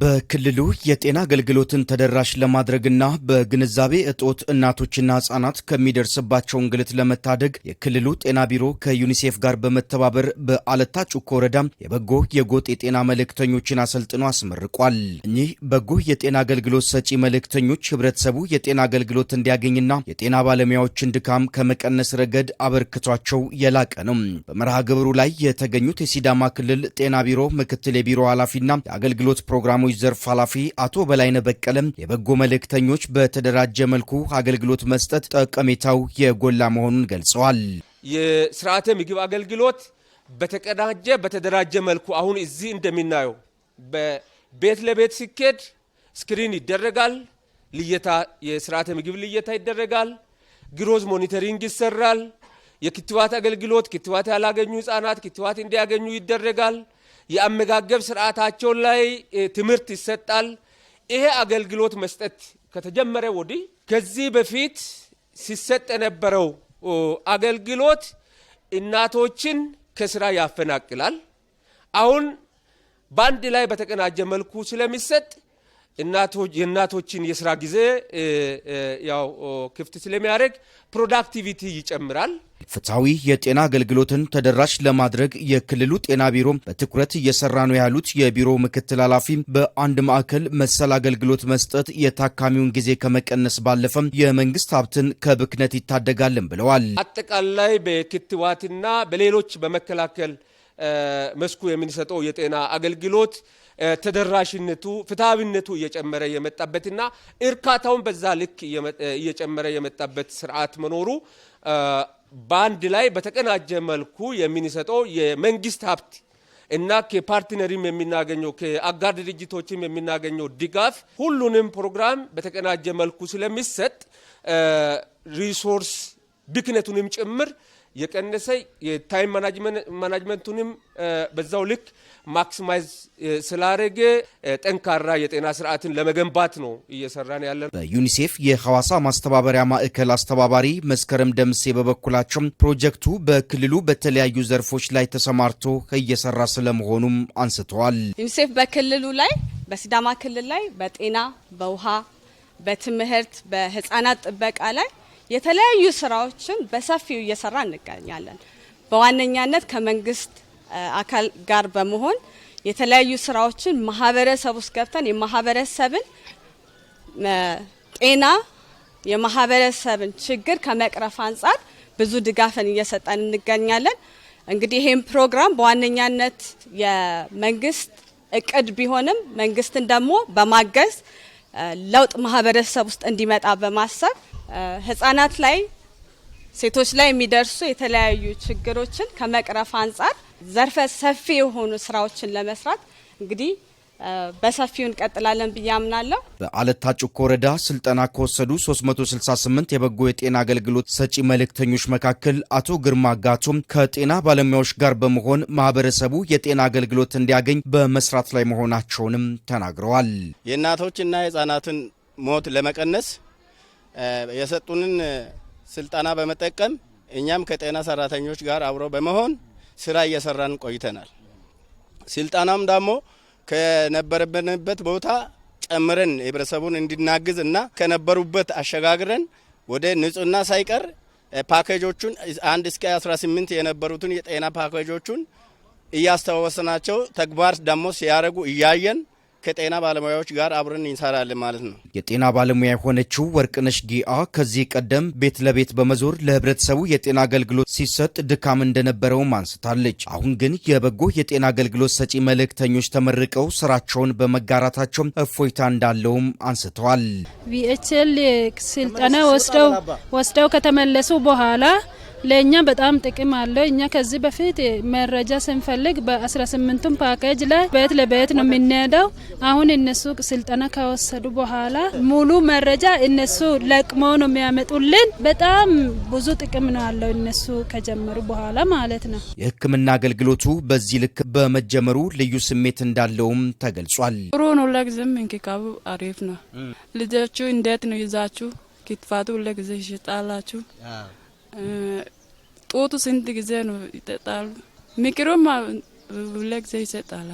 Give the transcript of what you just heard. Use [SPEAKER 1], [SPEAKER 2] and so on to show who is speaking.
[SPEAKER 1] በክልሉ የጤና አገልግሎትን ተደራሽ ለማድረግና በግንዛቤ እጦት እናቶችና ህጻናት ከሚደርስባቸው እንግልት ለመታደግ የክልሉ ጤና ቢሮ ከዩኒሴፍ ጋር በመተባበር በአለታ ጩኮ ወረዳ የበጎ የጎጥ የጤና መልእክተኞችን አሰልጥኖ አስመርቋል። እኚህ በጎ የጤና አገልግሎት ሰጪ መልእክተኞች ህብረተሰቡ የጤና አገልግሎት እንዲያገኝና የጤና ባለሙያዎችን ድካም ከመቀነስ ረገድ አበርክቷቸው የላቀ ነው። በመርሃ ግብሩ ላይ የተገኙት የሲዳማ ክልል ጤና ቢሮ ምክትል የቢሮ ኃላፊና የአገልግሎት ፕሮግራም ፕሮግራሞች ዘርፍ ኃላፊ አቶ በላይነ በቀለም የበጎ መልእክተኞች በተደራጀ መልኩ አገልግሎት መስጠት ጠቀሜታው የጎላ መሆኑን ገልጸዋል።
[SPEAKER 2] የስርዓተ ምግብ አገልግሎት በተቀዳጀ በተደራጀ መልኩ አሁን እዚህ እንደሚናየው በቤት ለቤት ሲኬድ ስክሪን ይደረጋል። ልየታ የስርዓተ ምግብ ልየታ ይደረጋል። ግሮዝ ሞኒተሪንግ ይሰራል። የክትባት አገልግሎት ክትባት ያላገኙ ህጻናት ክትባት እንዲያገኙ ይደረጋል። የአመጋገብ ስርዓታቸው ላይ ትምህርት ይሰጣል። ይሄ አገልግሎት መስጠት ከተጀመረ ወዲህ ከዚህ በፊት ሲሰጥ የነበረው አገልግሎት እናቶችን ከስራ ያፈናቅላል። አሁን በአንድ ላይ በተቀናጀ መልኩ ስለሚሰጥ የእናቶችን የስራ ጊዜ ያው ክፍት ስለሚያደርግ ፕሮዳክቲቪቲ ይጨምራል።
[SPEAKER 1] ፍትሐዊ የጤና አገልግሎትን ተደራሽ ለማድረግ የክልሉ ጤና ቢሮ በትኩረት እየሰራ ነው ያሉት የቢሮ ምክትል ኃላፊ በአንድ ማዕከል መሰል አገልግሎት መስጠት የታካሚውን ጊዜ ከመቀነስ ባለፈም የመንግስት ሀብትን ከብክነት ይታደጋልን ብለዋል።
[SPEAKER 2] አጠቃላይ በክትዋትና በሌሎች በመከላከል መስኩ የምንሰጠው የጤና አገልግሎት ተደራሽነቱ፣ ፍትሐዊነቱ እየጨመረ የመጣበትና እርካታውን በዛ ልክ እየጨመረ የመጣበት ስርዓት መኖሩ በአንድ ላይ በተቀናጀ መልኩ የምንሰጠው የመንግስት ሀብት እና ከፓርትነሪም የምናገኘው ከአጋር ድርጅቶችም የምናገኘው ድጋፍ ሁሉንም ፕሮግራም በተቀናጀ መልኩ ስለሚሰጥ ሪሶርስ ብክነቱንም ጭምር የቀነሰ የታይም ማናጅመንቱንም በዛው ልክ ማክሲማይዝ ስላደረገ ጠንካራ የጤና ስርዓትን ለመገንባት ነው እየሰራን ያለ።
[SPEAKER 1] በዩኒሴፍ የሐዋሳ ማስተባበሪያ ማዕከል አስተባባሪ መስከረም ደምሴ በበኩላቸው ፕሮጀክቱ በክልሉ በተለያዩ ዘርፎች ላይ ተሰማርቶ እየሰራ ስለመሆኑም አንስተዋል።
[SPEAKER 3] ዩኒሴፍ በክልሉ ላይ በሲዳማ ክልል ላይ በጤና፣ በውሃ፣ በትምህርት፣ በህጻናት ጥበቃ ላይ የተለያዩ ስራዎችን በሰፊው እየሰራ እንገኛለን። በዋነኛነት ከመንግስት አካል ጋር በመሆን የተለያዩ ስራዎችን ማህበረሰብ ውስጥ ገብተን የማህበረሰብን ጤና የማህበረሰብን ችግር ከመቅረፍ አንጻር ብዙ ድጋፍን እየሰጠን እንገኛለን። እንግዲህ ይህም ፕሮግራም በዋነኛነት የመንግስት እቅድ ቢሆንም መንግስትን ደግሞ በማገዝ ለውጥ ማህበረሰብ ውስጥ እንዲመጣ በማሰብ ህጻናት ላይ ሴቶች ላይ የሚደርሱ የተለያዩ ችግሮችን ከመቅረፍ አንጻር ዘርፈ ሰፊ የሆኑ ስራዎችን ለመስራት እንግዲህ በሰፊው እንቀጥላለን ብዬ አምናለሁ።
[SPEAKER 1] በአለታ ጩኮ ወረዳ ስልጠና ከወሰዱ 368 የበጎ የጤና አገልግሎት ሰጪ መልእክተኞች መካከል አቶ ግርማ ጋቱም ከጤና ባለሙያዎች ጋር በመሆን ማህበረሰቡ የጤና አገልግሎት እንዲያገኝ በመስራት ላይ መሆናቸውንም ተናግረዋል።
[SPEAKER 2] የእናቶችና የህጻናትን ሞት ለመቀነስ የሰጡንን ስልጠና በመጠቀም እኛም ከጤና ሰራተኞች ጋር አብሮ በመሆን ስራ እየሰራን ቆይተናል። ስልጠናም ደግሞ ከነበረብንበት ቦታ ጨምረን ህብረተሰቡን እንድናግዝ እና ከነበሩበት አሸጋግረን ወደ ንጹህና ሳይቀር ፓኬጆቹን አንድ እስከ 18 የነበሩትን የጤና ፓኬጆቹን እያስተዋወስናቸው ተግባር ደግሞ ሲያደርጉ እያየን ከጤና ባለሙያዎች ጋር አብረን እንሰራለን ማለት ነው።
[SPEAKER 1] የጤና ባለሙያ የሆነችው ወርቅነሽ ጊአ ከዚህ ቀደም ቤት ለቤት በመዞር ለህብረተሰቡ የጤና አገልግሎት ሲሰጥ ድካም እንደነበረውም አንስታለች። አሁን ግን የበጎ የጤና አገልግሎት ሰጪ መልእክተኞች ተመርቀው ስራቸውን በመጋራታቸው እፎይታ እንዳለውም አንስተዋል።
[SPEAKER 4] ቪኤችኤል ስልጠና ወስደው ከተመለሱ በኋላ ለእኛ በጣም ጥቅም አለው። እኛ ከዚህ በፊት መረጃ ስንፈልግ በ18ቱም ፓኬጅ ላይ በየት ለበየት ነው የምንሄደው። አሁን እነሱ ስልጠና ከወሰዱ በኋላ ሙሉ መረጃ እነሱ ለቅሞ ነው የሚያመጡልን። በጣም ብዙ ጥቅም ነው አለው እነሱ ከጀመሩ በኋላ ማለት ነው።
[SPEAKER 1] የህክምና አገልግሎቱ በዚህ ልክ በመጀመሩ ልዩ ስሜት እንዳለውም ተገልጿል።
[SPEAKER 5] ጥሩ ነው። ለጊዜም እንክብካቤ አሪፍ ነው። ልጆቹ እንዴት ነው ይዛችሁ ክትፋቱ ለጊዜ ይሸጣላችሁ ጦቱ ስንት ጊዜ ነው ይጠጣሉ? ምቅሩም ሁለ ጊዜ ይሰጣል።